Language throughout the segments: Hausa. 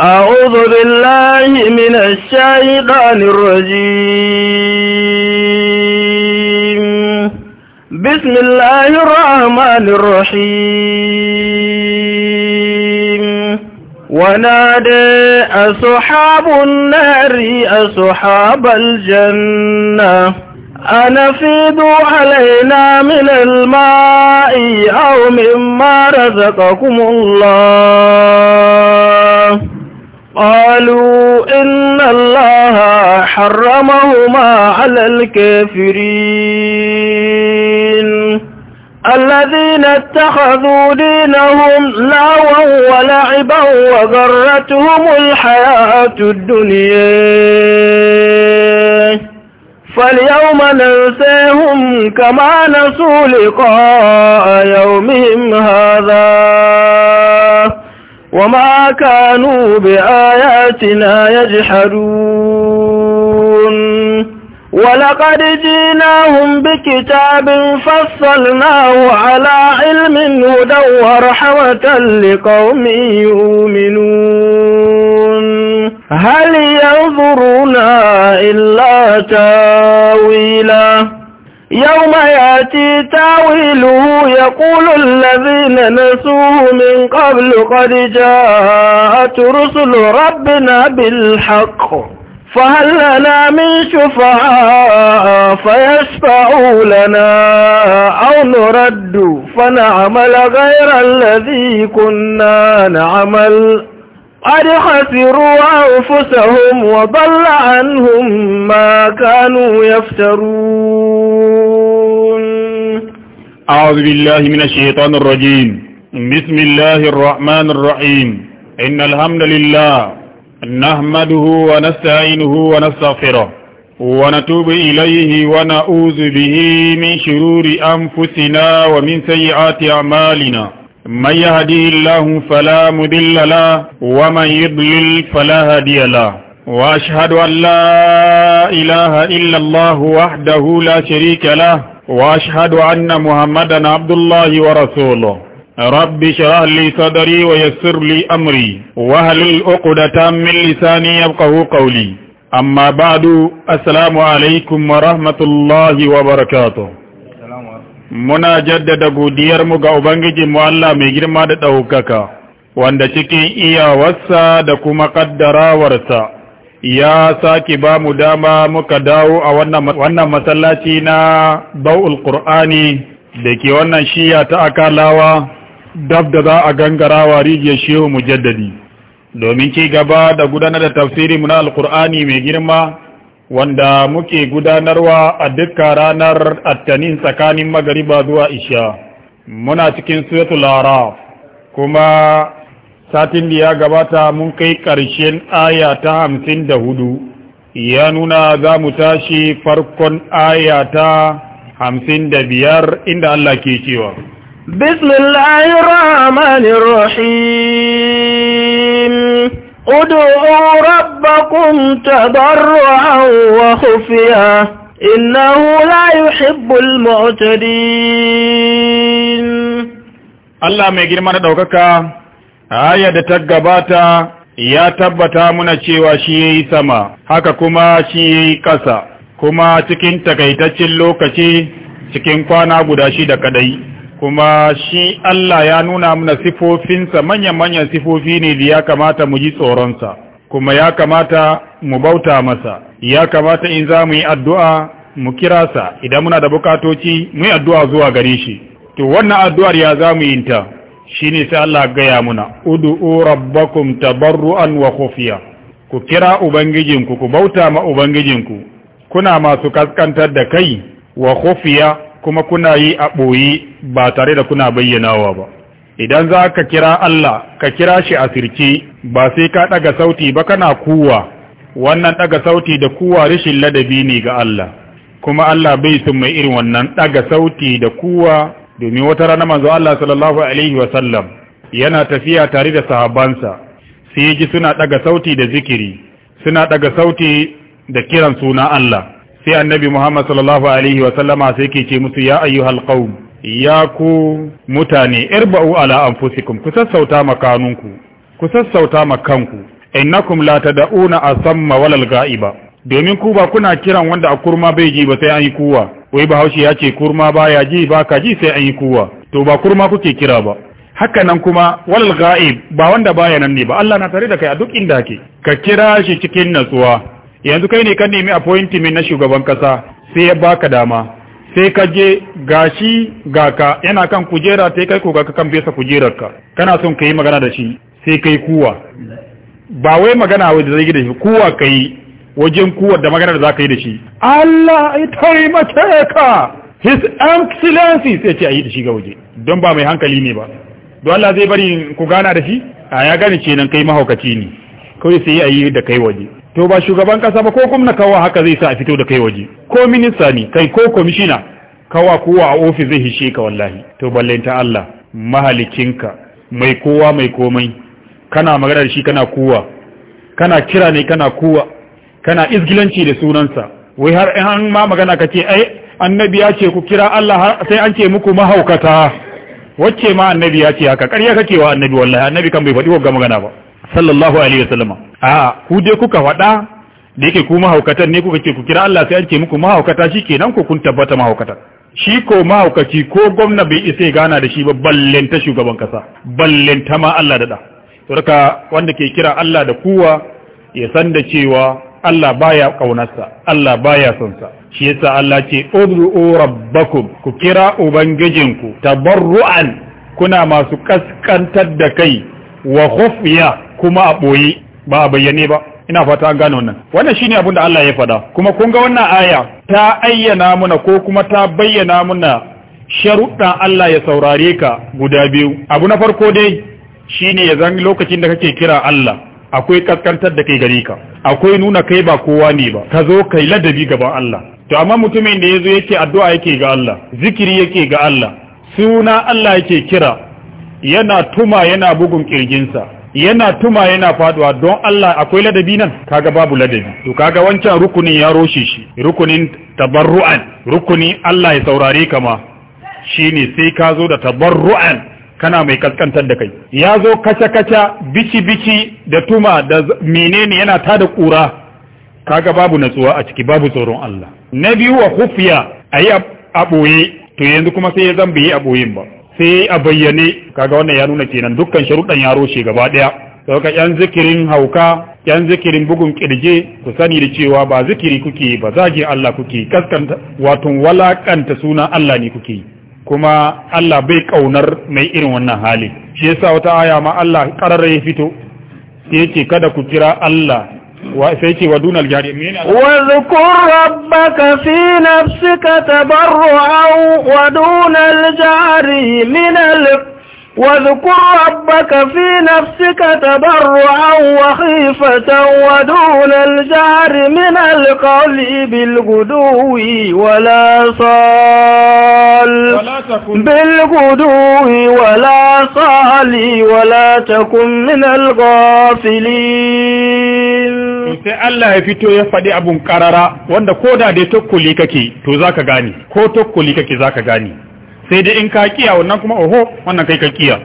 أعوذ بالله من الشيطان الرجيم بسم الله الرحمن الرحيم ونادى أصحاب النار أصحاب الجنة أنفيدوا علينا من الماء أو مما رزقكم الله قالوا إن الله حرمهما على الكافرين الذين اتخذوا دينهم لاوا ولعبا وغرتهم الحياة الدنيا فاليوم ننساهم كما نسوا لقاء يومهم هذا وما كانوا بآياتنا يجحدون ولقد جيناهم بكتاب فصلناه على علم هدى ورحمة لقوم يؤمنون هل ينظرون إلا تاويله يوم يأتي تاويله يقول الذين نسوه من قبل قد جاءت رسل ربنا بالحق فهل لنا من شفعاء فيشفعوا لنا أو نرد فنعمل غير الذي كنا نعمل قد خسروا أنفسهم وضل عنهم ما كانوا يفترون أعوذ بالله من الشيطان الرجيم بسم الله الرحمن الرحيم إن الحمد لله نحمده ونستعينه ونستغفره ونتوب إليه ونعوذ به من شرور أنفسنا ومن سيئات أعمالنا من يهدي الله فلا مضل له ومن يضلل فلا هادي له وأشهد أن لا إله إلا الله وحده لا شريك له وأشهد أن محمدا عبد الله ورسوله رب شرح لي صدري ويسر لي أمري وهل الأقدة من لساني يبقه قولي أما بعد السلام عليكم ورحمة الله وبركاته muna jaddada godiyarmu ga mu Allah mai girma da ɗaukaka, wanda cikin iyawarsa da kuma ƙaddarawarsa ya sake ba mu dama muka dawo a wannan masallaci na bau'ul ƙur'ani da ke wannan shiya ta akalawa dab da za a gangarawa rijiyar shehu mujaddadi domin ci gaba da gudanar da tafsirinmu na alƙur'ani mai girma wanda muke gudanarwa a dukkan ranar attanin tsakanin magariba zuwa isha muna cikin suratul araf kuma satin da ya gabata mun kai ƙarshen aya ta hamsin da hudu ya nuna za mu tashi farkon aya ta hamsin da biyar inda Allah ke cewa bismillahirrahmanirrahim ادعوا ربكم تضرعا وخفيا إنه لا يحب المعتدين الله mai girma da ɗaukaka hayar da ta gabata ya tabbata muna cewa shi yayi sama haka kuma shi yayi ƙasa kuma cikin takaitaccen lokaci cikin kwana guda shida kadai kuma shi Allah ya nuna mana sifofinsa manyan-manyan sifofi ne da ya kamata mu ji tsoronsa kuma ya kamata mu bauta masa ya kamata in za mu yi addu'a mu kira sa idan muna da bukatoci mu yi addu'a zuwa gare shi to wannan addu'ar ya za mu yi ta shi ne sai Allah gaya muna udu'u rabbakum tabarru'an wa khufiya ku kira ubangijinku ku bauta ma ubangijinku kuna masu kaskantar da kai wa kofiya? kuma kuna yi a ɓoyi ba tare da kuna bayyanawa ba idan za ka kira Allah ka kira shi a sirki ba sai ka ɗaga sauti ba kana kuwa wannan ɗaga sauti da kuwa rashin ladabi ne ga Allah kuma Allah bai sun mai irin wannan ɗaga sauti da kuwa domin wata rana manzo Allah sallallahu alaihi wa yana tafiya tare da sahabansa sai ji suna ɗaga sauti da zikiri suna ɗaga sauti da kiran suna Allah sai annabi Muhammad sallallahu alaihi wa sallama sai ke ce musu ya ayyuhal qaum ya ku mutane irba'u ala anfusikum ku sassauta makanunku ku sassauta makanku innakum la tad'una asamma walal ghaiba domin ku ba kuna kiran wanda a kurma bai ji ba sai an yi kuwa wai bahaushe ya ce kurma baya ji ba ka ji sai an yi kuwa to ba kurma kuke kira ba haka nan kuma walal ghaib ba wanda baya nan ne ba Allah na tare da kai a duk inda ke ka kira shi cikin natsuwa yanzu kai ne ka nemi appointment na shugaban kasa sai ya baka dama sai ka je gashi ga ka yana kan kujera sai kai ko ka kan fesa kujerar ka kana son ka yi magana da shi sai kai kuwa ba wai magana wai da zai da shi kuwa ka yi wajen kuwa da magana da za ka yi da shi Allah ya taimake ka his excellency sai ce a yi da shi ga waje don ba mai hankali ne ba don Allah zai bari ku gana da shi a ya gane nan kai mahaukaci ne kawai sai a yi da kai waje to ba shugaban kasa ba ko gwamna kawa haka zai sa a fito da kai waje ko minista ne kai ko komishina kawa kowa a ofis zai hishe ka wallahi to ta Allah mahalikinka mai kowa mai komai kana magana da shi kana kuwa kana kira ne kana kuwa kana izgilanci da sunansa wai har an ma magana ka ce ai annabi ya ce ku kira Allah sai an ce muku mahaukata wacce ma annabi ya ce haka ƙarya kake wa annabi wallahi annabi kan bai faɗi wa magana ba sallallahu alaihi wasallam a ku dai kuka faɗa da yake ku mahaukatan ne kuka ce ku kira Allah sai an ce muku mahaukata shikenan ko kun tabbata mahaukata shi ko mahaukaci ko gwamna bai isa gana da shi ba ballenta shugaban kasa ballenta ma Allah da da saboda wanda ke kira Allah da kuwa ya san da cewa Allah baya kaunarsa Allah baya son sa shi yasa Allah ce ud'u rabbakum ku kira ubangijinku tabarru'an kuna masu kaskantar da kai wa khufya kuma a ɓoye ba a bayyane ba ina fata an gane wannan wannan shine abin da Allah ya faɗa kuma kun ga wannan aya ta ayyana muna ko kuma ta bayyana muna sharuɗan Allah ya saurare ka guda biyu abu na farko dai shine ya zan lokacin da kake kira Allah akwai kaskantar da kai gare ka akwai nuna kai ba kowa ne ba ka zo kai ladabi gaban Allah to amma mutumin da yazo yake addu'a yake ga Allah zikiri yake ga Allah suna Allah yake kira yana tuma yana bugun kirjinsa yana tuma yana faduwa don Allah akwai ladabi nan kaga babu ladabi to kaga wancan rukunin ya roshe shi rukunin tabarru'an Rukuni Allah ya saurare kama shine sai ka zo da tabarru'an kana mai kaskantar da kai ya zo kaca kaca bici bici da tuma da menene yana tada kura kaga babu natsuwa a ciki babu tsoron Allah na biyu wa khufiya ayi a boye to yanzu kuma sai ya zambe a boyen ba sai a bayyane kaga wannan ya nuna kenan dukkan sharuɗan ya roshe gaba ɗaya sauka yan zikirin hauka yan zikirin bugun kirje ku sani da cewa ba zikiri kuke ba zage Allah kuke kaskanta wato walakanta suna Allah ne kuke kuma Allah bai ƙaunar mai irin wannan hali shi yasa wata aya ma Allah kararra ya fito sai yake kada ku kira Allah وسيتي ودون الجهر واذكر ربك في نفسك تبرعا ودون الجهر من ال واذكر ربك في نفسك تبرعا وخيفة ودون الجار من القول بالغدو ولا صال بالغدو ولا صال ولا تكن من الغافلين sai Allah ya fito ya faɗi abun karara wanda ko da dai tokkoli kake to za ka gane ko tokkoli kake za ka gane sai dai in ka kiya wannan kuma oho wannan kai ka kiya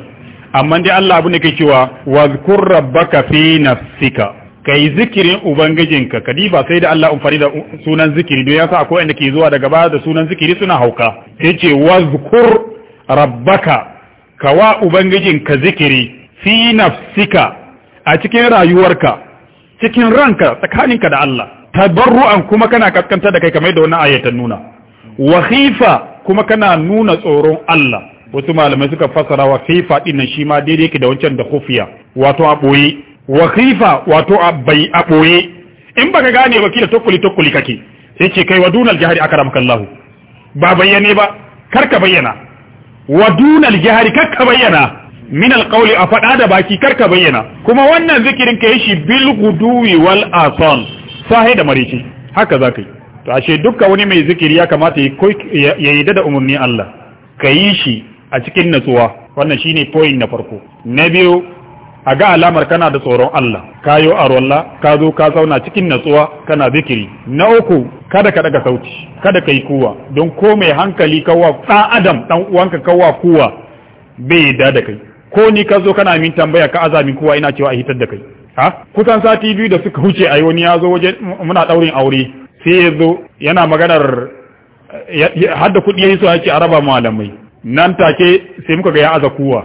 amma dai Allah abu ne ke cewa wazkur rabbaka fi nafsika kai zikirin ubangijinka kadi ba sai da Allah umfari da sunan zikiri don yasa akwai wanda ke zuwa daga baya da sunan zikiri suna hauka sai ce wazkur rabbaka kawa ubangijinka zikiri fi nafsika a cikin rayuwarka cikin ranka tsakaninka da Allah tabarru'an kuma kana kaskanta da kai kamar da wannan ayatan nuna Wahifa kuma kana nuna tsoron Allah wasu malamai suka fassara wa khifa dinnan shi ma daidai yake da wancan da khufiya wato a boye wato a bai a boye in baka gane ba kila tokkuli tokkuli kake sai ce kai wa dunal jahari akramakallahu ba bayyane ba karka bayyana wa jahari karka bayyana min alqawli a faɗa da baki kar ka bayyana kuma wannan zikirin ka yi shi bil guduwi wal asan sahi da marici haka za ka yi to ashe dukkan wani mai zikiri ya kamata ya yi da umarni Allah ka yi shi a cikin natsuwa wannan ne point na farko na biyu a ga alamar kana da tsoron Allah kayo arwalla ka zo ka zauna cikin natsuwa kana zikiri na uku kada ka daga sauti kada ka yi kuwa don ko mai hankali kawa ɗan adam ɗan uwanka kawa kuwa bai da kai ko ni ka zo kana min tambaya ka azamin kowa ina cewa a hitar da kai ha kusan sati biyu da suka huce ai wani ya zo waje muna daurin aure sai ya zo yana maganar har da kuɗi ya yi so ya ce a raba malamai nan take sai muka ga ya aza kuwa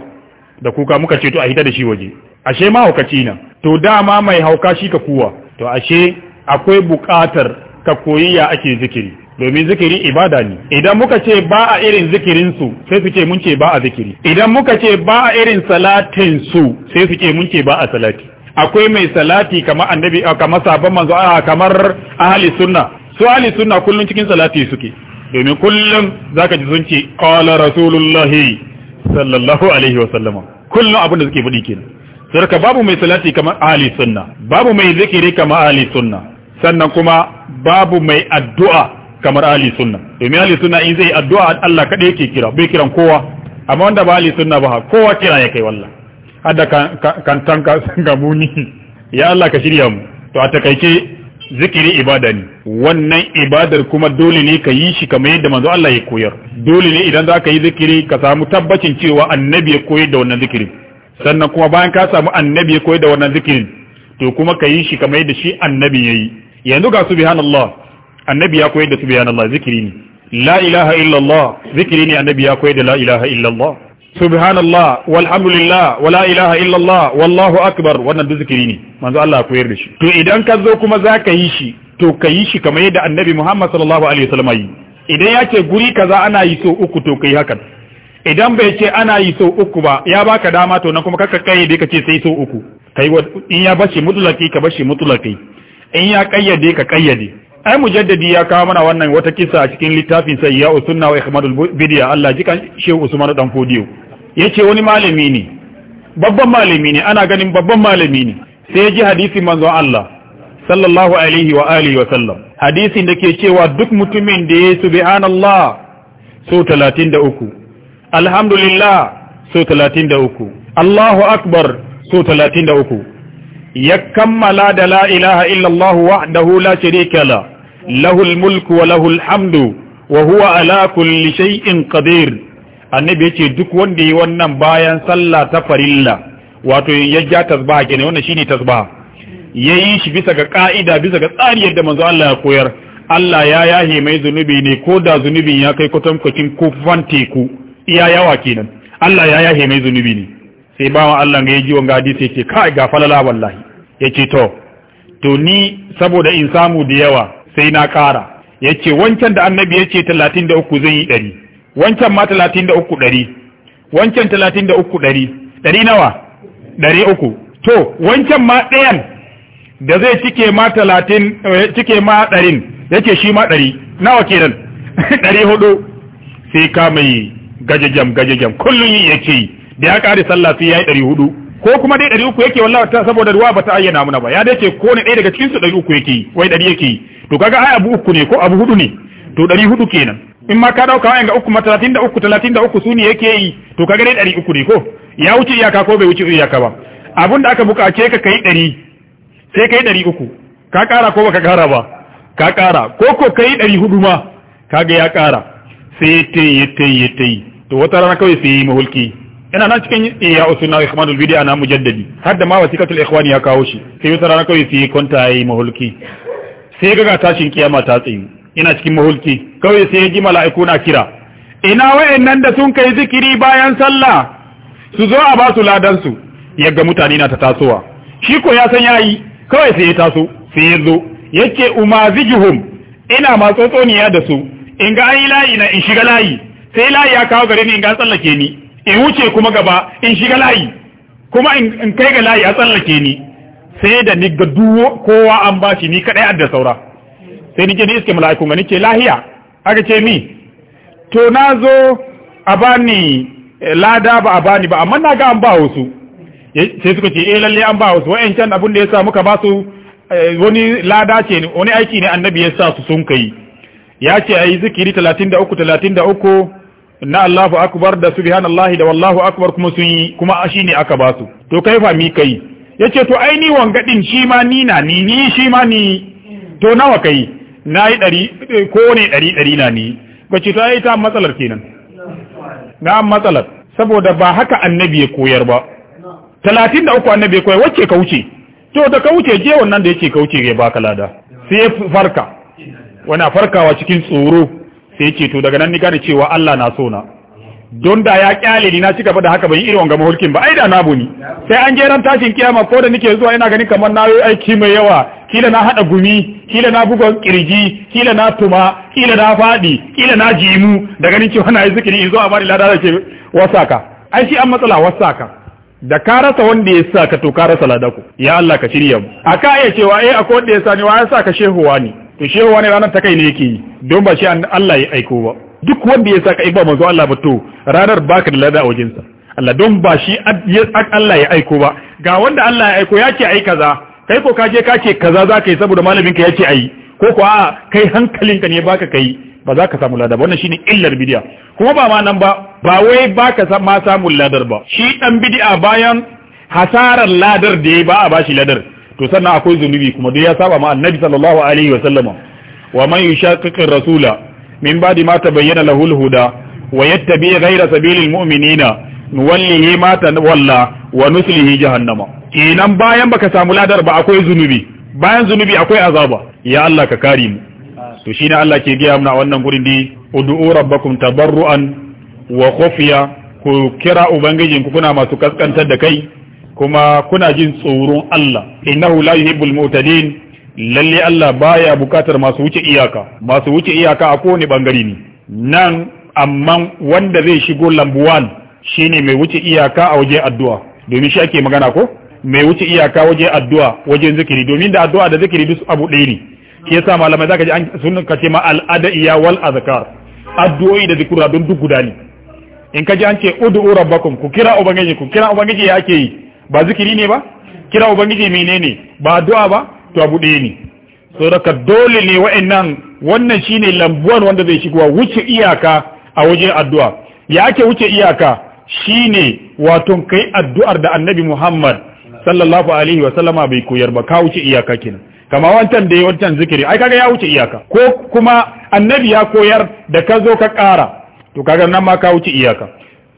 da kuka muka ceto a hita da shi waje ashe ma haukaci nan to dama mai hauka shi ka kuwa to ashe akwai buƙatar ka koyi ya ake zikiri domin zikiri ibada ne idan muka ce ba a irin zikirin su sai su ce mun ce ba a zikiri idan muka ce ba a irin salatin su sai su ce mun ce ba a salati akwai mai salati kamar annabi kamar sabon manzo kamar ahli sunna su ahli sunna kullun cikin salati suke domin kullum zaka ji sun ce qala rasulullahi sallallahu alaihi wa sallama kullum abin da suke faɗi kenan sarka babu mai salati kamar ahli sunna babu mai zikiri kamar ahli sunna sannan kuma babu mai addu'a kamar Ali sunna domin Ali sunna in zai addu'a Allah kadai yake kira bai kiran kowa amma wanda ba Ali sunna ba kowa kira ya kai wallah hada kan tanka muni ya Allah ka shirya mu to a takaice zikiri ibada ne wannan ibadar kuma dole ne ka yi shi kamar yadda manzo Allah ya koyar dole ne idan za ka yi zikiri ka samu tabbacin cewa annabi ya koyar da wannan zikirin sannan kuma bayan ka samu annabi ya koyar da wannan zikirin to kuma ka yi shi kamar yadda shi annabi ya yi yanzu ga subhanallah annabi ya koyar da subhanallah zikiri ne la ilaha illallah zikiri ne annabi ya koyar da la ilaha illallah subhanallah walhamdulillah la ilaha illallah wallahu akbar wannan duk zikiri ne manzo Allah koyar da shi to idan ka zo kuma zaka yi shi to ka yi shi kamar yadda annabi Muhammad sallallahu alaihi wasallam yi idan ya ce guri kaza ana yi so uku to kai hakan idan bai ce ana yi so uku ba ya baka dama to nan kuma kaka kai dai ka ce sai so uku kai in ya bashi mutlaki ka bashi mutlaki in ya kayyade ka kayyade ai mujaddadi ya kawo mana wannan wata kisa a cikin littafin sai ya usunna wa ihmadul bidiya Allah ji kan shehu usman dan fodiyo yace wani malami ne babban malami ne ana ganin babban malami ne sai ya ji hadisi manzon Allah sallallahu alaihi wa alihi wa sallam hadisin da ke cewa duk mutumin da ya subhanallah so 33 alhamdulillah so 33 Allahu akbar so 33 ya kammala da la ilaha illallah wahdahu la sharika lahu له الملك وله الحمد وهو على كل شيء قدير annabi yace duk wanda yi wannan bayan sallah ta farilla wato ya ja tasbah kenan wannan shine Ya yayi shi bisa ga ka'ida bisa ga tsari yadda manzo Allah ya koyar Allah ya yahe mai zunubi ne ko da zunubin ya kai kwatan kwakin kufan teku iya yawa kenan Allah ya yahe mai zunubi ne sai bawa Allah ga yaji wanga hadisi yake kai ga falala wallahi yace to to ni saboda in samu da yawa sai na ƙara ya ce wancan da annabi ya ce talatin da uku zai yi ɗari wancan ma talatin da uku ɗari wancan talatin da uku ɗari ɗari nawa ɗari uku to wancan ma ɗayan da zai cike ma talatin eh, cike ma ɗarin ya ce shi ma ɗari nawa kenan ɗari hudu sai ka mai gajajam gajajam kullum yi yake yi da ya ƙare sallah sai ya yi ɗari hudu ko kuma dai ɗari uku yake wallahi saboda ruwa ba ta ayyana muna ba ya dace ko ne ɗaya daga cikin su ɗari uku yake yi. wai ɗari yake to kaga ai abu uku ne ko abu hudu ne to dari hudu kenan in ma ka ɗauka wayan ga uku ma talatin da uku talatin da uku suni yake yi to kaga dai dari uku ne ko ya wuce iyaka ko bai wuce iyaka ba abun da aka ce ka kai dari. sai kai dari uku ka kara ko baka kara ba ka kara ko ko kai dari hudu ma kaga ya kara sai ya tayi ya tayi ya tayi to wata rana kawai sai yi mahulki ina nan cikin eh, ya usuna ikhwanul bid'a na mujaddadi hadda ma wasikatul ikhwani ya kawo shi sai wata rana kawai sai kwanta yayi mahulki sai ga tashin kiyama ta tsayu ina cikin mahulki kawai sai ya ji mala'iku na kira ina wayannan da sun kai zikiri bayan sallah su zo a ba su ladan su yaga mutane na ta tasowa shi ko ya san yayi kawai sai ya taso sai ya zo yake umazijuhum ina ma tsotsoniya da su in ga ayi layi na in shiga layi sai layi ya kawo gare ni in ga tsallake ni in wuce kuma gaba in shiga layi kuma in kai ga layi a tsallake ni sai da ni ga duwo kowa an ba shi ni kaɗai da saura sai nike ni iske mala'iku ga nike lahiya aka ce mi to na zo a ni eh, lada ba a bani ba amma na ga an ba wasu sai suka ce eh lalle an ba wasu can abin da ya sa muka ba su eh, wani lada ce wani aiki ne annabi ya sa su sun kai ya ce a yi zikiri 33 uku na Allahu akbar da subhanallahi da wallahu akbar kuma sun yi kuma ne aka ba su to kai fa mi kai yace to ai ni wanga din shi ma ni na ni ni shi ma ni to nawa kai nayi ɗari eh, ko ne ɗari ɗari na ni kace to ai ta matsalar kenan na matsalar saboda ba haka annabi ya koyar ba 33 annabi ya koyar wacce ka wuce to da ka wuce je wannan da yake ka wuce ya baka lada sai ya farka wana farkawa cikin tsoro sai ya ce to daga nan ni gane cewa Allah na so na don da ya kyale ni na ci gaba da haka ban yi irin wanga mahulkin ba ai da na buni sai an jeran tashin kiyama ko da nake zuwa ina gani kamar na yi aiki mai yawa kila na hada gumi kila na bugon kirji kila na tuma kila na fadi kila na jimu da ganin cewa na yi zikiri in zo a bari ladara ce wasaka ai shi an matsala wasaka da ka rasa wanda ya sa ka to ka rasa ya Allah ka shirya mu aka iya cewa eh akwai wanda ya sa ni wa ya sa ka shehuwa ne to shehuwa ne ranar ta kai ne yake yi don ba shi Allah ya aiko ba duk wanda ya saka ba manzo Allah ba to ranar baka da lada a wajensa Allah don ba shi Allah ya aiko ba ga wanda Allah ya aiko ya ce ai kaza kai ko kaje ka ce kaza za ka yi saboda malamin ka ya ce ai ko ko a kai ka ne baka kai ba za ka samu ladar ba wannan shine illar bid'a kuma ba ma nan ba ba wai baka ma samu ladar ba shi dan bid'a bayan hasarar ladar da ya ba a bashi ladar to sannan akwai zunubi kuma dai ya saba ma annabi sallallahu alaihi wa sallama wa man yushaqiqir rasula min ba'di ma tabayyana lahu al-huda wa yattabi ghayra sabilil mu'minina nuwallihi ma tawalla wa nuslihi jahannama kenan bayan baka samu ladar ba akwai zunubi bayan zunubi akwai azaba ya Allah ka kare mu to shine Allah ke gaya mana wannan gurin di ud'u rabbakum tabarruan wa khufiya ku kira ubangijin ku kuna masu kaskantar da kai kuma kuna jin tsoron Allah innahu la yuhibbul mu'tadin lalle Allah baya bukatar masu wuce iyaka masu wuce iyaka a kowane bangare ne nan amma wanda zai shigo lambuwan shine mai wuce iyaka a waje addu'a domin shi ake magana ko mai wuce iyaka waje addu'a wajen zikiri domin da addu'a da zikiri duk abu ɗaya ne shi yasa malamai zaka ji an sun ka ce ma al'ada iya wal azkar addu'o'i da zikura don duk guda ne in ka ji an ce ud'u rabbakum ku kira ubangiji ku kira ubangiji ya ake yi ba zikiri ne ba kira ubangiji menene ba addu'a ba to abu ɗaya ne saboda dole ne wa'annan wannan shine lambuwan wanda zai shigowa wuce iyaka a wajen addu'a ya ake wuce iyaka shine wato kai addu'ar da annabi Muhammad sallallahu alaihi wa sallama bai koyar ba ka wuce iyaka kenan kama wancan da wancan zikiri ai kaga ya wuce iyaka ko kuma annabi ya koyar da ka zo ka ƙara to kaga nan ma ka wuce iyaka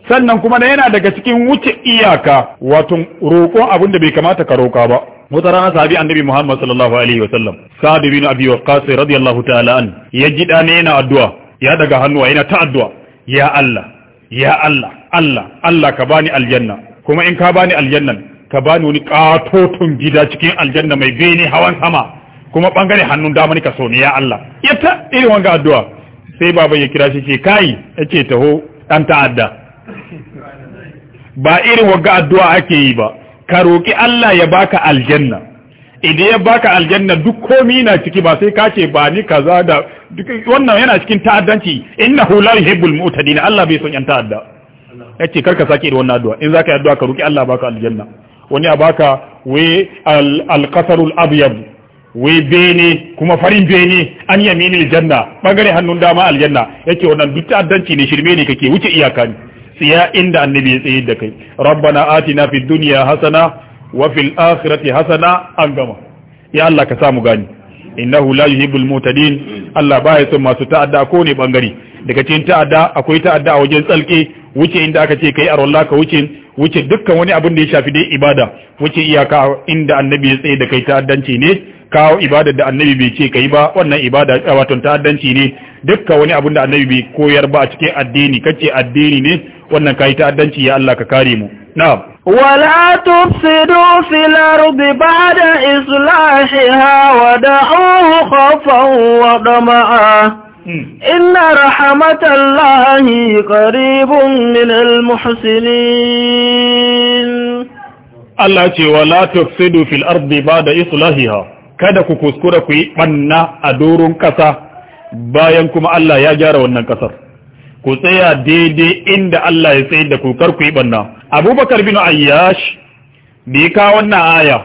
sannan kuma da yana daga cikin wuce iyaka wato roƙon abin da bai kamata ka roƙa ba wata rana sahabi annabi Muhammad sallallahu alaihi wa sallam Sa'd bin Abi Waqqas radiyallahu ta'ala an ya ji dane yana addu'a ya daga hannuwa yana ta addu'a ya Allah ya Allah Allah Allah ka bani aljanna kuma in ka bani aljannan ka bani wani katotun gida cikin aljanna mai bene hawan sama kuma bangare hannun dama ka so ne ya Allah ya ta irin wanga addu'a sai baban ya kira shi ce kai yace taho dan ta'adda ba irin wanga addu'a ake yi ba ka roƙi Allah ya baka aljanna idan ya baka aljanna duk komi na ciki ba sai ka ce ba ni kaza da wannan yana cikin ta'addanci innahu la yuhibbul mu'tadin Allah bai son yan ta'adda yace karka sake da wannan addu'a in zaka yi addu'a ka roƙi Allah baka aljanna wani a baka we al al abyad we bene kuma farin bene an yaminil janna bangare hannun dama aljanna yace wannan duk ta'addanci ne shirme ne kake wuce iyaka ne tsiya inda annabi ya tsaye da kai rabbana atina fi dunya hasana wa fil akhirati hasana an gama ya Allah ka samu gani innahu la yuhibbul mutadin Allah baya son masu ta'adda ko ne bangare daga cikin ta'adda akwai ta'adda a wajen tsalke wuce inda aka ce kai arwalla ka wuce wuce dukkan wani abin da ya shafi dai ibada wuce iyaka inda annabi ya tsaye da kai ta'addanci ne kawo ibada da annabi bai ce kai ba wannan ibada wato ta'addanci ne dukkan wani abin da annabi bai koyar ba a cikin addini kace addini ne wannan kai ta'addanci ya Allah ka kare mu na'am wala tufsidu fil ardi ba'da islahiha wa da'uhu khawfan wa dama'a إن رحمة الله min al المحسنين Allah ce wala tufsidu fil ardi ba'da islahiha kada ku kuskura ku yi banna a durun kasa bayan kuma Allah ya gyara wannan kasar ku tsaya daidai inda Allah ya tsaye da kukar ku yi banna Abubakar bin Ayyash da ya kawo wannan aya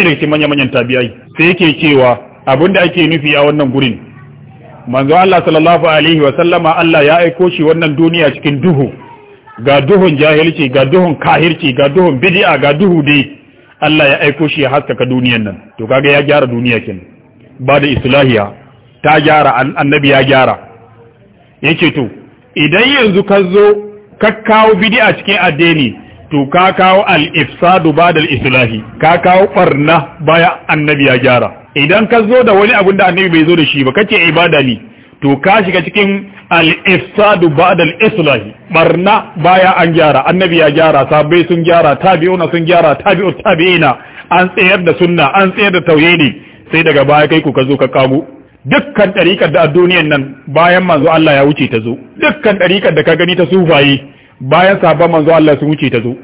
irin shi manya manyan tabi'ai sai yake cewa abinda ake nufi a wannan gurin manzo Allah sallallahu alaihi wa sallama Allah ya aiko shi wannan duniya cikin duhu ga duhun jahilci ga duhun kahirci ga duhun bid'a ga duhu dai Allah ya aiko shi ya haskaka duniyan nan to kaga ya gyara duniya kin ba da islahiya ta gyara annabi ya gyara yake to idan yanzu ka zo ka kawo bidi a cikin addini to ka kawo al-ifsadu ba'da islahi ka kawo barna baya annabi ya gyara idan ka zo da wani abin da annabi bai zo da shi ba kake ibada ne to ka shiga cikin al-ifsadu ba'da al-islahi barna baya an gyara annabi ya gyara sabai sun gyara tabi'una sun gyara tabi'ut tabi'ina an tsayar da sunna an tsayar da tauhidi sai daga baya kai ku ka zo ka kago dukkan ɗariƙar da a duniyan nan bayan manzo Allah ya wuce ta zo dukkan ɗariƙar da ka gani ta sufaye bayan sabon manzo Allah sun wuce ta zo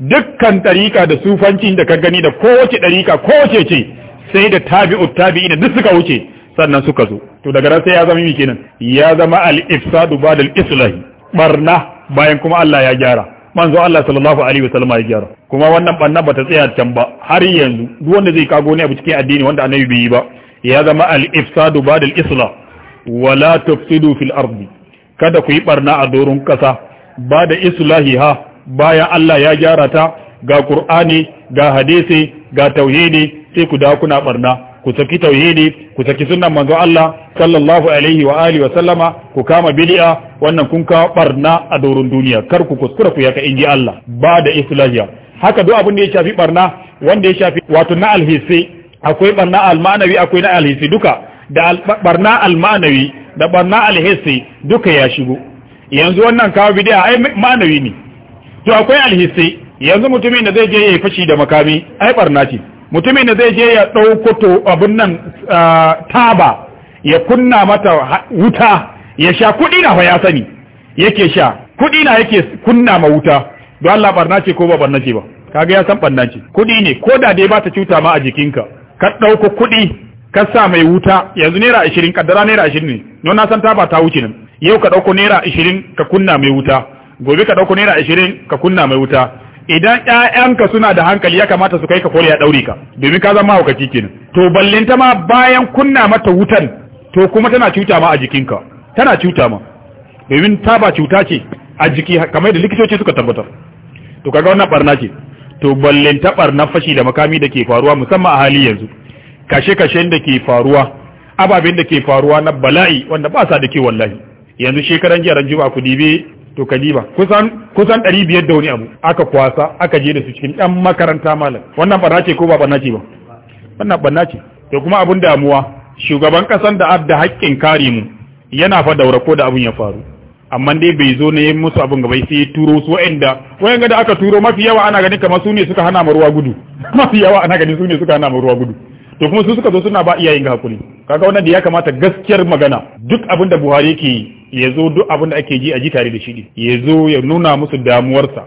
dukkan ɗariƙa da sufancin da ka gani da kowace ɗariƙa kowace ce sai da tabi'u tabi'ina duk suka wuce sannan suka zo to daga nan sai ya zama mi kenan ya zama al-ifsadu ba'da al-islahi barna bayan kuma Allah ya gyara manzo Allah sallallahu alaihi wasallam ya gyara kuma wannan barna bata tsaya can ba har yanzu duk wanda zai kago ne a cikin addini wanda annabi bai yi ba ya zama al-ifsadu ba da isla wala tufsidu fil ardi kada ku yi barna a doron ƙasa. ba da ha bayan Allah ya gyara ta ga ƙur'ani ga hadisi ga tauhidi sai ku da kuna barna ku saki tauhidi ku saki sunnan manzo Allah sallallahu alaihi wa alihi wa sallama ku kama bid'a wannan kun kawo barna a doron duniya kar ku kuskura ku yaka inji Allah ba da islahiya haka duk abin da ya shafi barna wanda ya shafi wato na alhisi akwai barna almanawi akwai na alhisi duka da barna almanawi da barna alhisi duka ya shigo yanzu wannan kawo bidiya ai manawi ne to akwai alhisi yanzu mutumin da zai je ya fashi da makami ai barna ce mutumin da zai je ya dauko to abun nan taba ya kunna mata wuta ya sha kudi na fa ya sani yake sha kudi na yake kunna ma wuta don Allah barna ce ko ba barna ce ba kaga ya san barna ce kudi ne ko da dai ba ta cuta ma a jikinka ka ɗauko kuɗi ka sa mai wuta yanzu naira ashirin kaddara naira ashirin ne don na san taba ta wuce nan yau ka ɗauko naira ashirin ka kunna mai wuta gobe ka ɗauko naira ashirin ka kunna mai wuta idan ƴaƴanka suna da hankali ya kamata su kai ka kore ya ɗaure ka domin ka zama haukaci kenan to ballinta ma bayan kunna mata wutan to kuma tana cuta ma a jikinka tana cuta ma domin ta ba cuta ce a jiki kamar da likitoci suka tabbatar to kaga wannan barna ce to ballin tabar na fashi da makami da ke faruwa musamman a hali yanzu kashe-kashen da ke faruwa ababen da ke faruwa na bala'i wanda ba sa da ke wallahi yanzu shekaran jiya juma'a ku dibe to ka diba kusan kusan 500 da wani abu aka kwasa aka je da su cikin dan makaranta malam wannan barna ce ko ba barna ce ba wannan barna ce to kuma abun damuwa shugaban kasan da adda haƙƙin kare mu yana fa daura ko da abun ya faru amma dai bai zo na ne musu abin gaba sai ya turo su wa'anda ga da aka turo mafi yawa ana ganin kamar su ne suka hana mu ruwa gudu mafi yawa ana ganin su ne suka hana mu ruwa gudu to kuma su suka zo suna ba iyayen ga hakuri kaga wannan da ya kamata gaskiyar magana duk abin da Buhari yake ya zo duk abin da ake ji a ji tare da shi ne ya zo ya nuna musu damuwarsa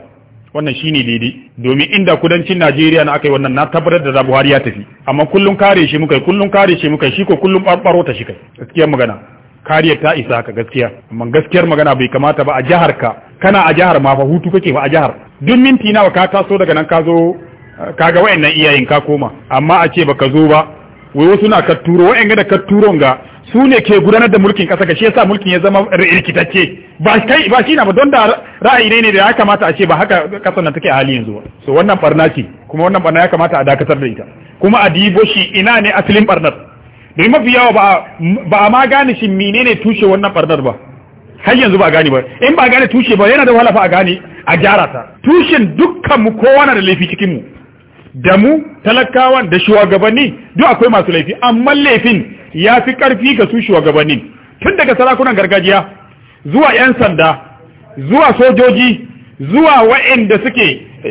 wannan shine daidai domin inda kudancin Najeriya na aka yi wannan na tabbatar da Buhari ya tafi amma kullun kare shi muka kullun kare shi muka shi ko kullun barbaro ta shi kai gaskiyar magana Kariyar ta isa ka gaskiya amma gaskiyar magana bai kamata ba a jihar ka kana a jihar ma fa hutu kake ba a jihar duk minti nawa ka taso daga nan ka zo ka ga wayannan iyayen ka koma amma a ce baka zo ba wai wasu na ka turo wayanga da ka turo ga su ne ke gudanar da mulkin ƙasa ka shi yasa mulkin ya zama rikitacce ba kai ba shi na ba don da ra'ayi ne da ya kamata a ce ba haka ƙasar nan take a hali yanzu ba so wannan barna ce kuma wannan barna ya kamata a dakatar da ita kuma a dibo shi ina ne asalin barnar da eh, mafi yawa ba a ma gane shi menene tushe wannan barnar ba har yanzu ba gane ba in ba gane tushe ba yana da wahala fa a gane a gyara ta tushen dukkan mu kowa na da laifi cikin mu da mu talakawan da shugabanni duk akwai masu laifi amma laifin ya fi karfi ga su shugabannin tun daga sarakunan gargajiya zuwa yan sanda zuwa sojoji zuwa wa'anda suke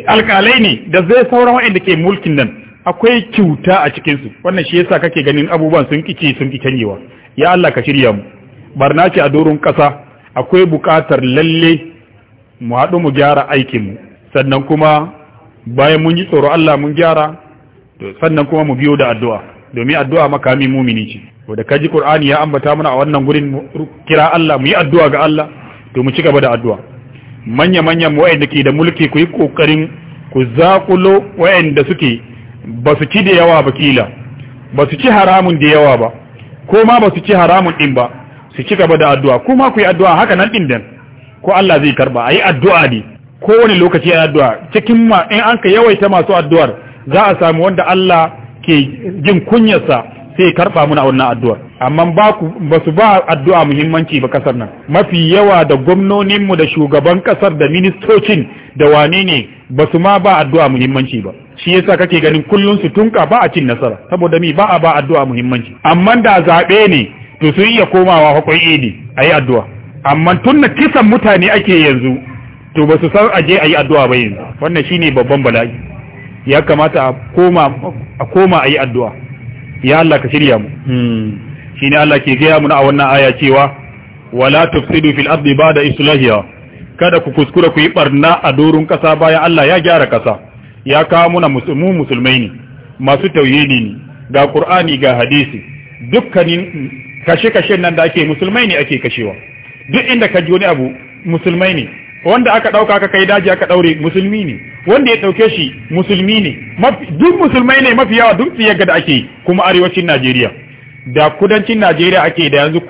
alkalai ne da zai sauran wa'anda ke mulkin nan akwai kyuta a cikinsu wannan shi yasa kake ganin abubuwan sun kici sun ki canyewa ya Allah ka shirya mu barna ce a doron ƙasa akwai buƙatar lalle mu haɗu mu gyara aikinmu sannan kuma bayan mun yi tsoro Allah mun gyara sannan kuma mu biyo da addu'a domin addu'a makami mumini ce wanda kaji Qur'ani ya ambata mana a wannan gurin kira Allah mu yi addu'a ga Allah to mu ci gaba da addu'a manya manyan waɗanda ke da mulki ku yi ƙoƙarin ku zaƙulo waɗanda suke ba su ci da yawa ba kila ba su ci haramun da yawa ba ko ma ba su ci haramun din ba su ci gaba da addu'a ko ma ku yi addu'a haka nan din dan ko Allah zai karba ayi addu'a ne kowane lokaci ayi addu'a cikin ma in an ka yawaita masu addu'ar za a samu wanda Allah ke jin kunyarsa sai karba muna wannan addu'ar amma ba ku ba su ba addu'a muhimmanci ba kasar nan mafi yawa da gwamnonin mu da shugaban kasar da ministocin da wane ne ba su ma ba addu'a muhimmanci ba shi yasa kake ganin kullun su tunka ba a cin nasara saboda mi ba a ba addu'a muhimmanci amma da zabe ne to sun iya komawa hakon idi ayi addu'a amma tunna kisan mutane ake yanzu to ba su san aje ayi addu'a ba yanzu wannan shine babban bala'i ya kamata a koma a koma ayi addu'a ya Allah ka shirya mu hmm. shine Allah ke gaya mu a wannan aya cewa wala tufsidu fil ardi ba'da islahiha kada ku kuskura ku yi barna a dorin kasa bayan Allah ya gyara kasa ya kawo muna mu musulmai ne masu tauyini ne ga qur'ani ga hadisi dukkanin kashe-kashen nan da ake musulmai ne ake kashewa duk inda ka ji wani abu musulmai ne wanda aka ɗauka aka kai daji aka ɗaure musulmi ne wanda ya ɗauke shi musulmi ne duk musulmai ne mafi yawa duk tsiyar da ake kuma arewacin najeriya da kudancin najeriya ake da yanzu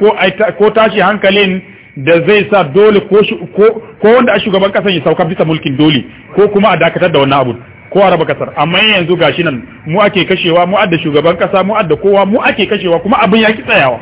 ko tashi hankalin da zai sa dole ko wanda a shugaban kasan ya sauka bisa mulkin dole ko kuma a dakatar da wannan abu ko a raba kasar amma yanzu gashi nan mu ake kashewa mu adda shugaban kasa mu adda kowa mu ake kashewa kuma abin ya ki tsayawa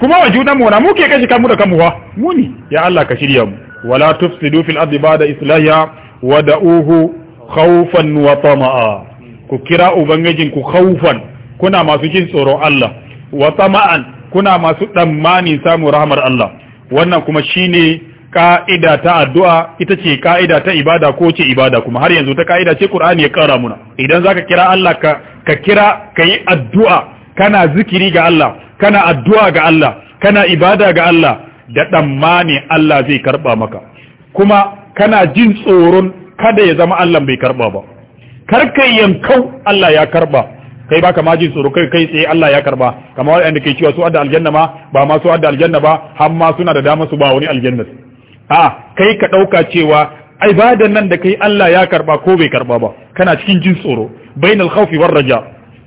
kuma wa junan mu na mu ke kashe kanmu da kanmu wa mu ne ya Allah ka shirya mu wala tufsidu fil ardi ba'da islahiha wa da'uhu khawfan wa tama'a ku kira ubangijin ku khawfan kuna masu jin tsoron Allah wa tama'an kuna masu tsammanin samu rahmar Allah wannan kuma shine ka'ida ta addu'a ita ce ka'ida ta ibada ko ce ibada kuma har yanzu ta ka'ida ce Qur'ani ya kara muna idan zaka kira Allah ka ka kira kai addu'a kana zikiri ga Allah kana addu'a ga Allah kana ibada ga Allah da tsammani Allah zai karba maka kuma kana jin tsoron kada ya zama Allah bai karba ba kar kai yankau Allah ya karba kai baka ma jin tsoro kai kai tsaye Allah ya karba kamar wanda ke cewa su adda aljanna ma ba ma su adda aljanna ba har ma suna da dama su ba wani aljanna a kai ka ɗauka cewa ibadan nan da kai Allah ya karba ko bai karba ba kana cikin jin tsoro bainal khawfi war raja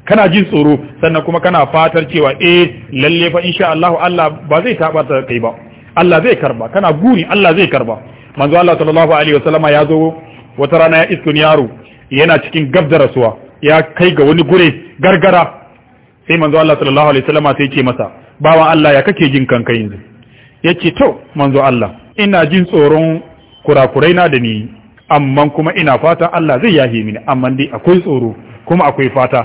kana jin tsoro sannan kuma kana fatar cewa eh lalle fa insha Allah Allah ba zai taba ta kai ba Allah zai karba kana guri Allah zai karba manzo Allah sallallahu alaihi wasallama ya zo wata rana ya iskun yaro yana cikin gab da rasuwa ya kai ga wani gure gargara sai manzo Allah sallallahu alaihi wasallama sai ce masa bawan Allah ya kake jin kanka yanzu yace to manzo Allah ina jin tsoron kurakurai na da ni amma kuma ina fata Allah zai yahe mini amma dai akwai tsoro kuma akwai fata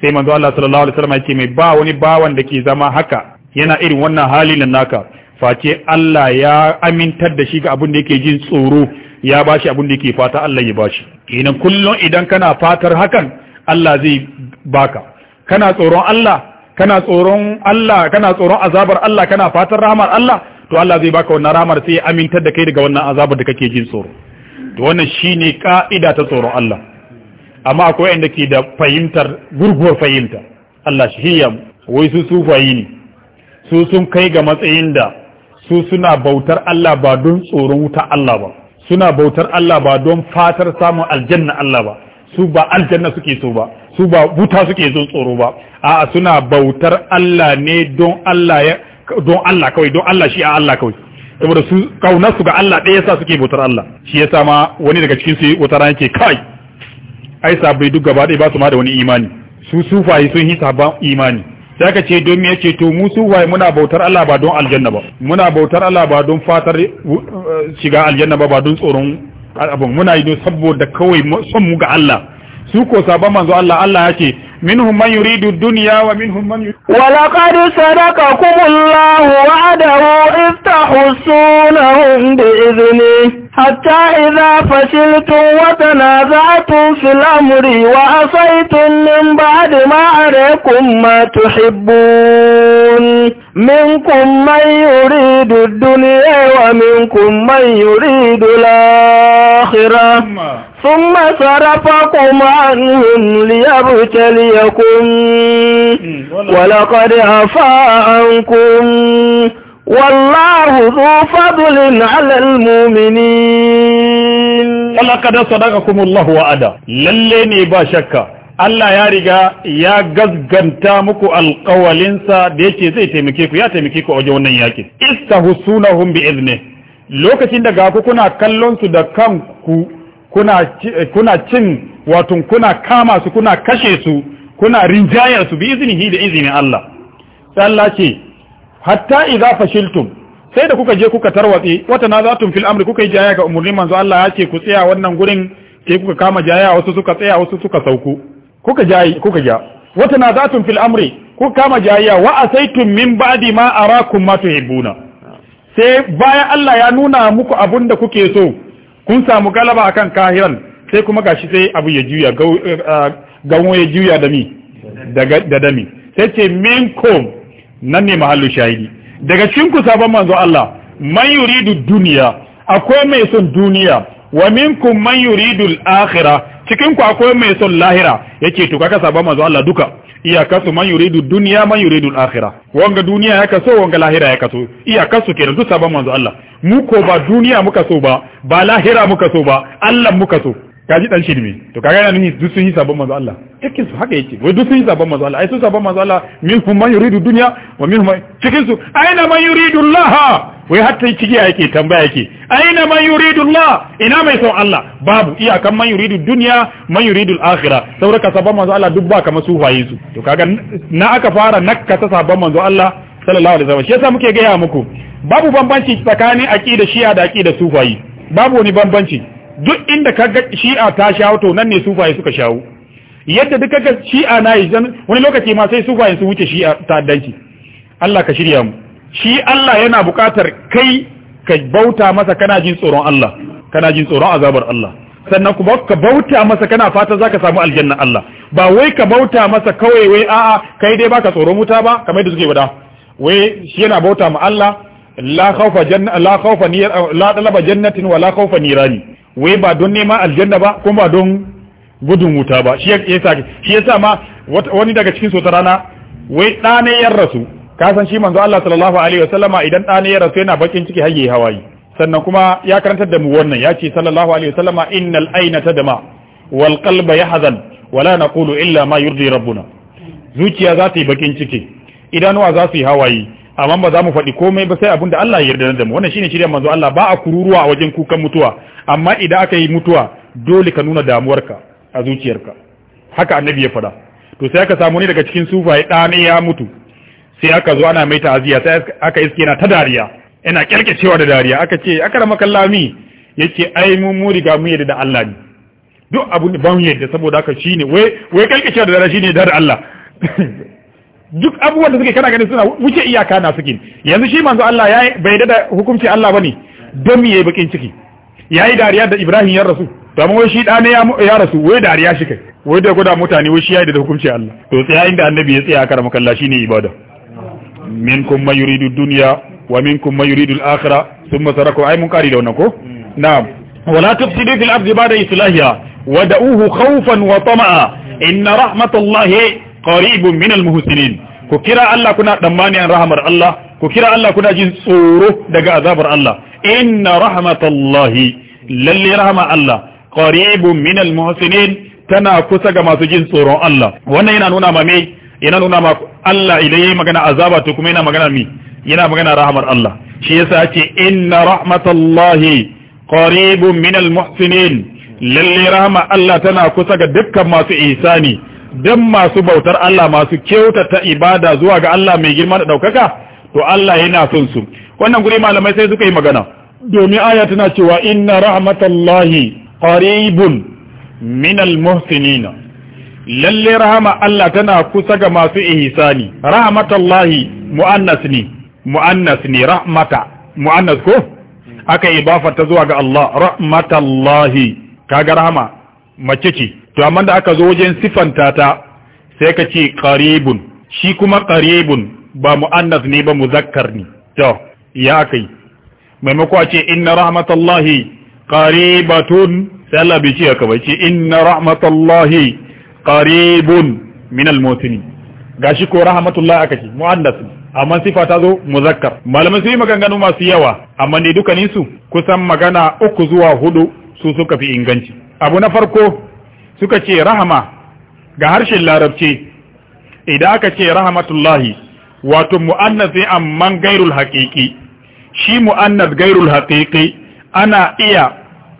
sai manzo Allah sallallahu alaihi wasallam yake mai ba wani bawan da ke zama haka yana irin wannan hali nan naka face Allah ya amintar da shi ga abin da yake jin tsoro ya bashi abin da yake fata Allah ya bashi kenan kullum idan kana fatar hakan Allah zai baka kana tsoron Allah kana tsoron Allah kana tsoron azabar Allah kana fatar rahmar Allah to Allah zai baka wannan ramar sai ya amintar da kai daga wannan azabar da kake jin tsoro to wannan shine ka'ida ta tsoron Allah amma akwai wanda ke da fahimtar gurguwar fahimta Allah shi ya wai su su fahimi su sun kai ga matsayin da su suna bautar Allah ba don tsoron wuta Allah ba suna bautar Allah ba don fatar samun aljanna Allah ba su ba aljanna suke so ba su ba wuta suke so tsoro ba a'a suna bautar Allah ne don Allah ya don Allah kawai don Allah shi a Allah kawai saboda su kauna su ga Allah ɗaya yasa suke bautar Allah shi yasa ma wani daga cikin su wata rana yake kai ai sabai duk gaba ɗaya ba su ma da wani imani su sufaye sun yi sabon imani sai aka ce don me yake to mu sufaye muna bautar Allah ba don aljanna ba muna bautar Allah ba don fatar eh, shiga aljanna ba ba don tsoron abin muna yi don saboda kawai son mu ga Allah su ko sabon manzo Allah Allah ya ce منهم من يريد الدنيا ومنهم من يريد ولقد صدقكم الله وعده إذ تحسونهم بإذنه حتى إذا فشلتم وتنازعتم في الأمر وعصيتم من بعد ما عليكم ما تحبون منكم من يريد الدنيا ومنكم من يريد الآخرة ثم صرفكم عنهم ليبتليكم ولقد عفا عنكم والله ذو فضل على المؤمنين ولقد صدقكم الله وعدا للني باشكا Allah ya riga ya gazganta muku alƙawalinsa da yake zai taimake ku ya taimake ku a wajen wannan yakin istahusunahum bi idni lokacin da ga ku kuna kallon su da kanku Eh, kuna cin wato kuna kama su kuna kashe su kuna rinjayar su bi iznihi da izinin Allah sai Allah ce hatta idza fashiltum sai da kuka je kuka tarwatsi wata na za tun fil amri kuka yi jaya ga umurni manzo Allah ya ce ku tsaya wannan gurin ke kuka kama jaya wasu suka tsaya wasu suka sauku kuka jayi kuka ja wata na za tun fil amri kuka kama jaya wa asaitum min ba'di ma arakum ma tuhibuna sai bayan Allah ya nuna muku abun da kuke so kun samu galaba akan kahiran sai kuma gashi sai abu ya juya eh, ah, gawo ya juya da mi da dami sai ce min ko nan ne mahallu shahidi daga cikin ku sabon manzo Allah man yuridu duniya akwai mai son duniya wa minkum man yuridu al-akhirah cikin ku akwai mai son lahira yake to kaka saba manzo Allah duka iyaka su man yuridu dunya man yuridu al wanga duniya ya kaso wanga lahira ya kaso iyaka su kenan duk saba manzo Allah mu ko ba duniya muka so ba ba lahira muka so ba Allah muka so kaji dan shirme to kaga yana nuni duk sun yi sabon manzo Allah cikin su haka yake wai duk sun yi sabon manzo Allah ai sun sabon manzo Allah minhum man yuridu dunya wa kuma cikin su aina man yuridu Allah wai hatta ciki yake tambaya yake aina man yuridu Allah ina mai son Allah babu iya kan man yuridu dunya man yuridu al-akhirah sauraka sabon manzo Allah duk ba kamar su waye su to kaga na aka fara nakka ta sabon manzo Allah sallallahu alaihi wasallam shi yasa muke gaya muku babu bambanci tsakanin aqida shi'a da aqida sufayi babu wani bambanci duk inda kaga shi'a ta shawo to nan ne sufaye suka shawo yadda duk kaga shi'a na yi wani lokaci ma sai sufaye su wuce shi'a ta'addanci Allah ka shirya mu shi Allah yana buƙatar kai ka bauta masa kana jin tsoron Allah kana jin tsoron azabar Allah sannan kuma ka bauta masa kana fata zaka samu aljanna Allah ba wai ka bauta masa kawai wai a'a kai dai baka tsoron wuta ba kamar da suke wada wai shi yana bauta ma Allah la khawfa janna la khawfa la talaba jannatin wa la khawfa nirani wai ba don neman aljanna ba kuma ba don gudun wuta ba shi yasa shi yasa ma wani daga cikin sota rana wai ɗane ya rasu ka san shi manzo Allah sallallahu alaihi wasallama idan ɗane yan rasu yana bakin ciki hayye hawaye sannan kuma ya karantar da mu wannan ya ce sallallahu alaihi wasallama innal aina tadma wal qalba yahzan wala naqulu illa ma yurdi rabbuna zuciya za ta yi bakin ciki idanuwa za su yi hawaye amma ba za mu faɗi komai ba sai abin da Allah ya yarda da mu wannan shine shirya manzo Allah ba a kururuwa a wajen kukan mutuwa amma idan aka yi mutuwa dole ka nuna damuwarka a zuciyarka haka annabi ya faɗa to sai aka samu ne daga cikin sufaye ɗani ya mutu sai aka zo ana mai ta'aziya sai aka iske yana ta dariya yana kyalkyacewa da dariya aka ce aka rama kallami yace ai mu mu riga mu yarda da Allah ne duk abun ban yarda saboda haka shine wai wai kyalkyacewa da dariya shine da Allah duk abubuwan da suke kana ganin suna wuce iyaka na suke yanzu shi manzo Allah ya bai da hukunci Allah bane don me yayi bakin ciki yayi dariya da Ibrahim ya rasu to amma wai shi da ne ya rasu wai dariya shi kai wai da guda mutane wai shi yayi da hukunci Allah to tsaya inda annabi ya tsaya karama kallah shine ibada minkum man yuridu dunya wa minkum man yuridu al-akhirah thumma taraku ay mun da wannan ko na'am wala tufsidu fil ardi ba'da islahiha wad'uhu khawfan wa tama'a inna rahmatallahi qaribun minal muhsinin ku kira Allah kuna tsammani an rahmar Allah ku kira Allah kuna jin tsoro daga azabar Allah inna rahmatallahi lalle rahma Allah qaribun minal muhsinin tana kusa ga masu jin tsoron Allah wannan yana nuna ma me yana nuna ma Allah idan yayi magana azaba to kuma yana magana mi yana magana rahmar Allah shi yasa ce inna rahmatallahi qaribun minal muhsinin lalle rahma Allah tana kusa ga dukkan masu ihsani dan masu bautar Allah masu kyautata ibada zuwa ga Allah mai girma da ɗaukaka, to Allah yana son su wannan guri malamai sai suka yi magana domin aya tana cewa inna rahmatallahi qaribun minal muhsinina lalle rahama Allah tana kusa ga masu ihsani rahmatallahi muannas ne muannas ne rahmata muannas ko aka yi bafa ta zuwa ga Allah rahmatallahi kaga rahama mace ce to amma nda aka zo wajen sifanta ta sai ka ce qaribun shi kuma qaribun ba muannas ne ba muzakkar ni to ya kai maimako a ce inna rahmatallahi qaribatun sai Allah bai ce haka ba ce inna rahmatallahi qaribun min al-mutini gashi ko rahmatullahi aka ce muannas ne amma sifa ta zo muzakkar malamai sun yi maasu yawa amma ne su kusan magana ukku zuwa hudu su fi inganci abu na farko suka ce rahama ga harshen larabci idan aka ce rahmatullahi wato mu'annazi amman gairul haƙiƙi, shi mu'annas gairul haƙiƙi, ana iya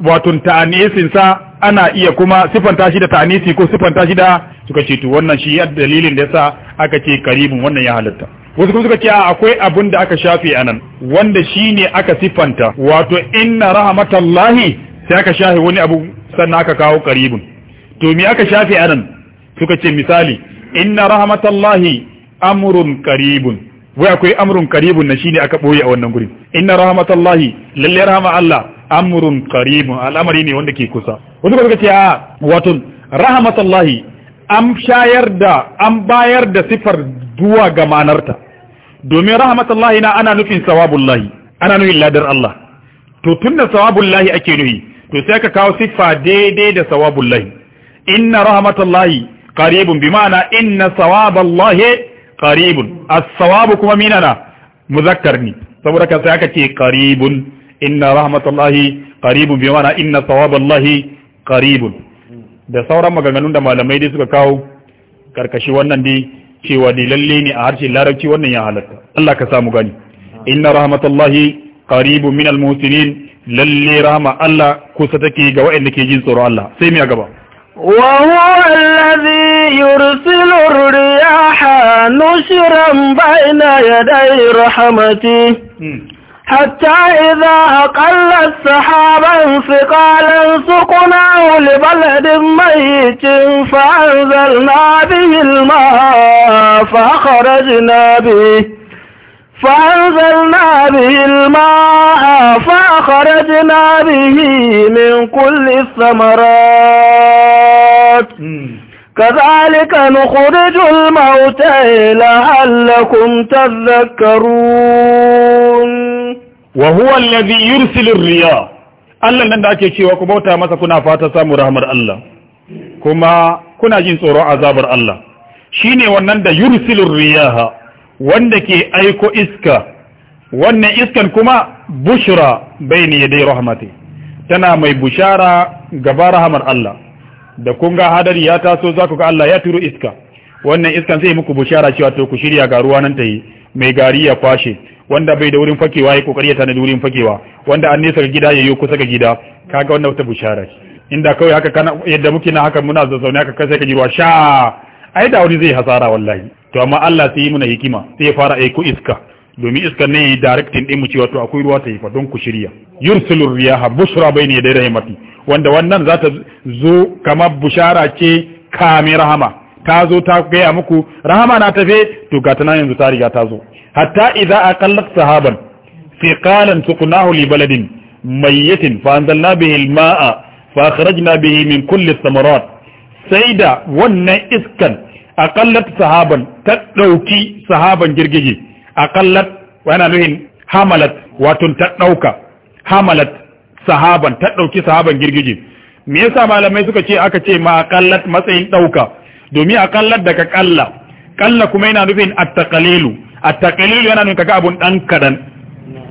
wato ta'anisinsa ana iya kuma sifanta shi da ta'anisi ko sifanta shi da suka ce to wannan shi ya dalilin da yasa aka ce karibun wannan ya halatta wasu kuma suka ce akwai abin da aka shafe anan wanda shine aka sifanta wato inna rahmatallahi sai aka shafe wani abu sannan aka kawo qaribun to me aka shafi anan suka ce misali inna rahmatallahi amrun qaribun wai akwai amrun qaribun na shine aka boye a wannan gurin inna rahmatallahi lalle rahama Allah amrun qaribun al'amari ne wanda ke kusa wasu suka ce a wato rahmatallahi an shayar da an bayar da sifar duwa ga manarta domin rahmatallahi na ana nufin sawabullahi ana nufin ladar Allah to tunda sawabullahi ake nufi. to sai ka kawo siffa daidai da sawabul lahi inna rahmatullahi qaribun bi ma'ana inna sawaballahi qaribun as-sawabu kuma minana muzakkar ni saboda ka sai aka ce qaribun inna rahmatullahi qaribun bi ma'ana inna sawaballahi qaribun da sauran maganganun da malamai dai suka kawo karkashi wannan dai cewa dai lalle ne a harshen larabci wannan ya halatta Allah ka samu gani inna rahmatullahi qaribun minal muhsinin lalle rahama Allah kusa take ga waɗanda ke jin tsoro Allah sai mai gaba wa huwa alladhi yursilu ar-riyaha nushran bayna yaday rahmatihi حتى إذا أقل السحاب انفقالا سقناه لبلد ميت فأنزلنا به الماء فأخرجنا به فأنزلنا به الماء فأخرجنا به من كل الثمرات كذلك نخرج الموتى لعلكم تذكرون وهو الذي يرسل الرياح Allah nan da ake cewa ku bauta masa kuna fata samu rahmar Allah kuma kuna jin tsoron azabar Allah shine wannan da yursilur wanda ke aiko iska wannan iskan kuma bushra ya dai rahmati tana mai bushara gaba rahamar Allah da kun ga hadari ya taso za ku ga Allah ya turo iska wannan iskan zai muku bushara cewa to ku shirya ga ruwa nan ta yi mai gari ya kwashe wanda bai da wurin fakewa ya kokari ya tana da wurin fakewa wanda an nesa gida ya yi kusa ga gida kaga wannan wata bushara inda kawai haka kana yadda muke na haka muna zazzauna haka kai sai ka ji ruwa sha ai da wani zai hasara wallahi to amma Allah sai yi mana hikima sai ya fara aiko iska domin iska ne yi directing din mu cewa to akwai ruwa ta yi fa don ku shirya yursilu riyaha bushra bayni yaday rahmati wanda wannan za ta zo kamar bushara ce kame rahama ta zo ta gaya muku rahama na tafe to ga ta yanzu ta riga ta zo hatta idza aqallat sahaban fi qalan suqnahu li baladin mayyitin fa anzalna bihi al-ma'a fa akhrajna bihi min kulli ath-thamarat sai da wannan iskan aqallat sahaban ta ɗauki sahaban girgije aqallat yana nuhin hamalat wato ta ɗauka hamalat sahaban ta ɗauki sahaban girgije me yasa malamai suka ce aka ce ma aqallat matsayin ɗauka domin aqallat daga kalla kalla kuma yana nufin attaqalilu attaqalilu yana nufin kaga abun dan kadan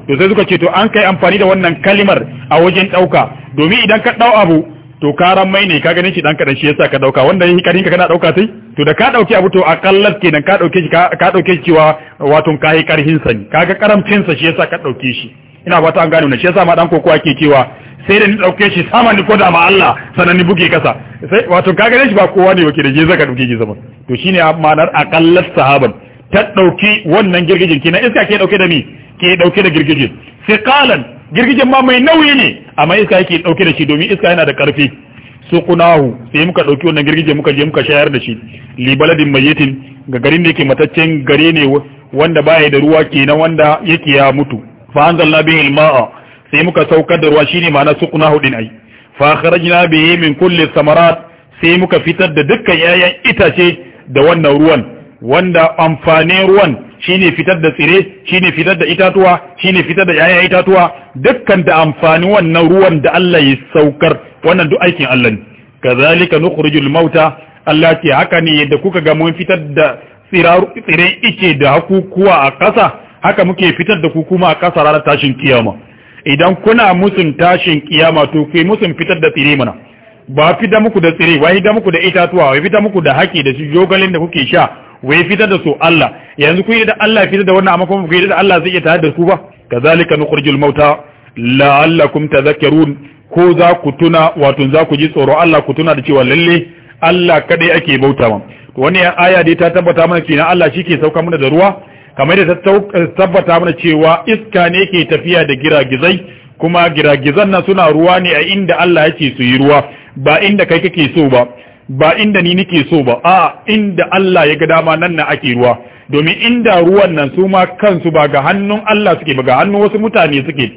to sai suka ce to an kai amfani da wannan kalimar a wajen ɗauka domin idan ka ɗau abu to karan mai ne ka ganin shi dan kadan shi yasa ka dauka wanda yake karin ka kana dauka sai to da ka dauki abu to akallar kenan ka dauke shi ka dauke shi cewa wato yi karhin sa ne kaga karamcin sa shi yasa ka dauke shi ina ta an gano ne shi yasa ma dan kokowa ke cewa sai da ni dauke shi sama ni koda ma Allah sanan ni buge kasa sai wato ka ganin shi ba kowa ne yake da je zaka dauke shi sama to shine ma'anar akallar sahaban ta dauki wannan girgijin kenan iska ke dauke da mi ke dauke da girgijin sai qalan girgijen ma mai nauyi ne amma iska yake dauke da shi domin iska yana da karfi sukunahu sai muka dauki wannan girgije muka je muka shayar da shi li baladin mayyitin ga garin da yake mataccen gare ne wanda baya da ruwa kenan wanda yake ya mutu fa anzalna bihi alma'a sai muka saukar da ruwa shine ma'ana kunahu din ai fa kharajna bihi min kulli samarat sai muka fitar da dukkan 'ya'yan itace da wannan ruwan wanda amfanin ruwan shine fitar da tsire shine fitar da itatuwa shine fitar da yayan itatuwa dukkan da amfani wannan ruwan da Allah ya saukar wannan duk aikin Allah ne kazalika nukhrijul mauta Allah ce haka ne yadda kuka ga mun fitar da tsiren ice da hakukuwa a ƙasa haka muke fitar da hukuma a ƙasa ranar tashin kiyama idan kuna musun tashin kiyama to kai musun fitar da tsire mana ba fita muku da tsire ba fita muku da itatuwa ba fita muku da haki da su jogalin da kuke sha wai fitar da su Allah yanzu kun yi da Allah fitar da wannan amma kuma kun yi da Allah zai iya tare da su ba kazalika nukhrijul mauta la'allakum tadhakkarun ko za ku tuna wato za ku ji tsoro Allah ku tuna da cewa lalle Allah kadai ake ma. wani aya dai ta tabbata mana cewa Allah shi ke sauka mana da ruwa kamar da ta eh, tabbata mana cewa iska ne ke tafiya da giragizai kuma giragizan nan suna ruwa ne a inda Allah yake su yi ruwa ba inda kai kake so ba ba inda ni nike so ba a inda Allah ya ga dama nan na ake ruwa domin inda ruwan nan su ma kansu ba ga hannun Allah suke ba ga hannun wasu mutane suke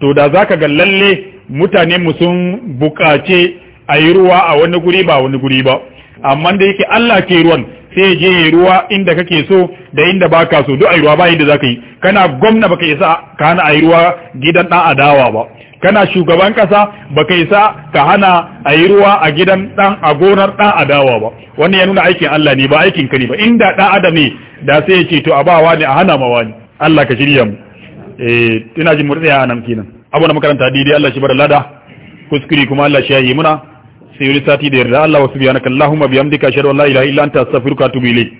to da zaka ga lalle mutane mu sun bukace a yi ruwa a wani guri ba wani guri ba amma da yake Allah ke ruwan sai je ruwa inda kake so da inda baka so duk ai ruwa ba inda zaka yi kana gwamna baka isa ka hana ai ruwa gidan dan adawa ba kana shugaban kasa baka isa ka hana ayi ruwa a gidan dan a gonar dan adawa ba wannan ya nuna aikin Allah ne ba aikin ka ne ba inda dan adam ne da sai ya ce to a ba ne a hana ma ne Allah ka shirya mu eh ina jin murtsaya nan kenan abu na makaranta daidai Allah shi bar lada kuskuri kuma Allah shi yayi muna sai wani sati da yarda Allah wa subhanaka Allahumma bihamdika ashhadu an la ilaha illa